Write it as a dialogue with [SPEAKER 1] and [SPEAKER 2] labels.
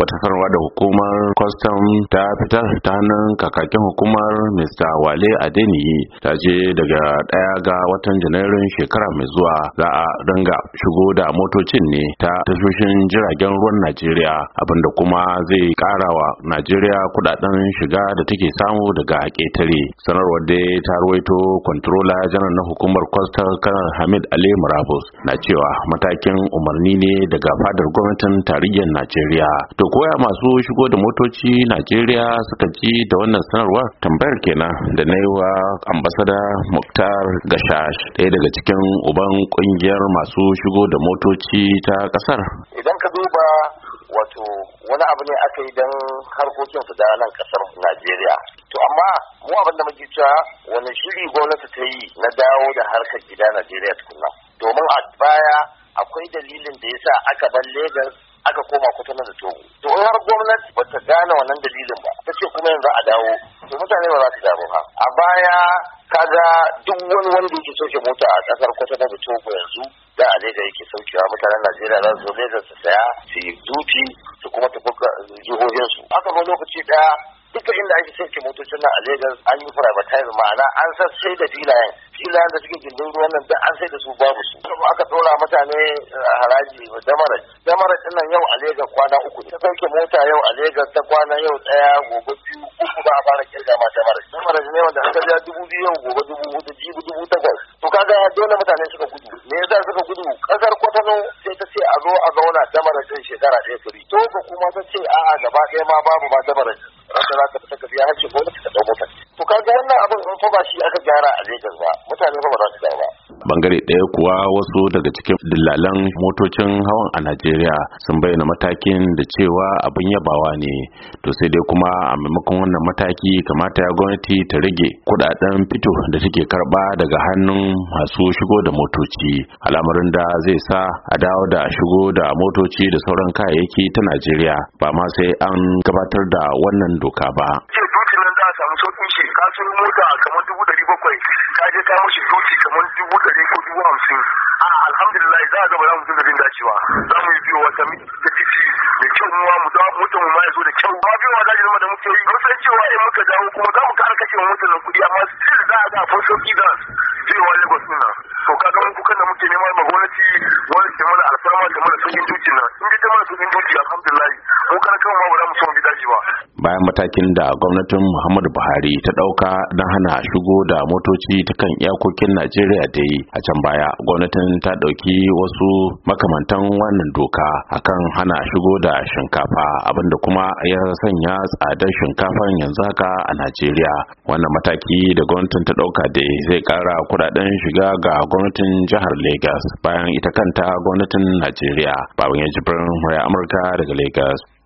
[SPEAKER 1] wata sanarwa da hukumar kwastam ta fitar ta hannun kakakin hukumar mr wale adeniyi ta ce daga daya ga watan janairun shekara mai zuwa za a ringa shigo da motocin ne ta tashoshin jiragen ruwan najeriya abinda kuma zai kara wa najeriya kudaden shiga da take samu daga ketare sanarwar da ta ruwaito kwantarola janar na hukumar kwastar kanar hamid ali murabus na cewa matakin umarni ne daga fadar gwamnatin tarayyar najeriya to to koya masu shigo da motoci najeriya suka ji da wannan sanarwar, tambayar kenan da na yi wa ambasada muktar gashash ɗaya daga cikin uban ƙungiyar masu shigo da motoci ta ƙasar
[SPEAKER 2] idan ka duba wato wani abu ne aka yi don harkokin su da nan kasar Najeriya. To amma mu abin da muke cewa wani shiri gwamnati ta yi na dawo da harkar gida Najeriya tukunna. Domin a baya akwai dalilin da yasa aka bar Legas. aka koma kwatano da togo to har gwamnati ba ta gane wannan dalilin ba ta ce kuma yanzu a dawo to mutane ba za su dawo ha? a baya ka ga duk wani wanda yake soke mota a kasar kwatano da togo yanzu da a da yake saukewa mutanen najeriya za su zo lagos su saya su yi duti su kuma tafi jihohinsu aka ba lokaci ɗaya. duka inda ake ke motocin nan a Lagos an yi privatize ma'ana an san sai da filayen filayen da suke gindin ruwan nan duk an sai da su babu su aka tsora mutane eh, haraji damarar damarar din nan yau a Lagos kwana uku ne ta sauke mota yau a Lagos ta kwana yau daya gobe biyu uku ba a fara kirga ma damarar damarar ne wanda aka biya dubu biyu yau gobe dubu hudu jibi dubu takwas to kaga dole mutane suka gudu me yasa suka gudu kasar kwatano sai ta ce a zo a zauna damarar din shekara ɗaya turi to ba kuma ta ce a'a gaba ɗaya ma babu ma damarar wanda za ka fita ka biya hajji gwamnati ka dau motar to kaga wannan abin in fa ba shi aka gyara a Lagos ba mutane fa ba za su gyara ba
[SPEAKER 1] bangare ɗaya kuwa wasu daga cikin dillalan motocin hawan a najeriya sun bayyana matakin da cewa abin yabawa ne to sai dai kuma a maimakon wannan mataki kamata ya gwamnati ta rage kudaden fito da take karɓa daga hannun masu shigo da motoci al'amarin da zai sa a dawo da shigo da motoci da sauran kayayyaki ta najeriya ba ma sai an gabatar da wannan doka ba
[SPEAKER 2] kamar dubu ɗari bakwai ka je ka mushi doki kamar dubu ɗari ko dubu hamsin a alhamdulillah za a gaba za mu dinga jin dacewa za mu yi biyo wata da titi da kyau mu mu da mutum ma ya zo da kyau ba biyo wata zama da muke yi mun san cewa in muka dawo kuma za mu ƙara kashe mutum na kuɗi amma still
[SPEAKER 1] za a ga fa sauki da biyowa Lagos ɗin nan to ka ga mun kukan da muke neman ma gwamnati wani ta mana alfarma ta mana sojin doki nan in ta mana sojin doki alhamdulillah bayan matakin da gwamnatin Muhammadu Buhari ta dauka don hana shigo da motoci ta kan iyakokin Najeriya da yi a can baya gwamnatin ta dauki wasu makamantan wannan doka akan hana shigo da shinkafa abinda kuma ya sanya tsadar shinkafan yanzu haka a Najeriya wannan mataki da gwamnatin ta dauka da zai kara kudaden shiga ga gwamnatin jihar Lagos bayan ita kanta gwamnatin Najeriya baban jibrin Amurka daga Lagos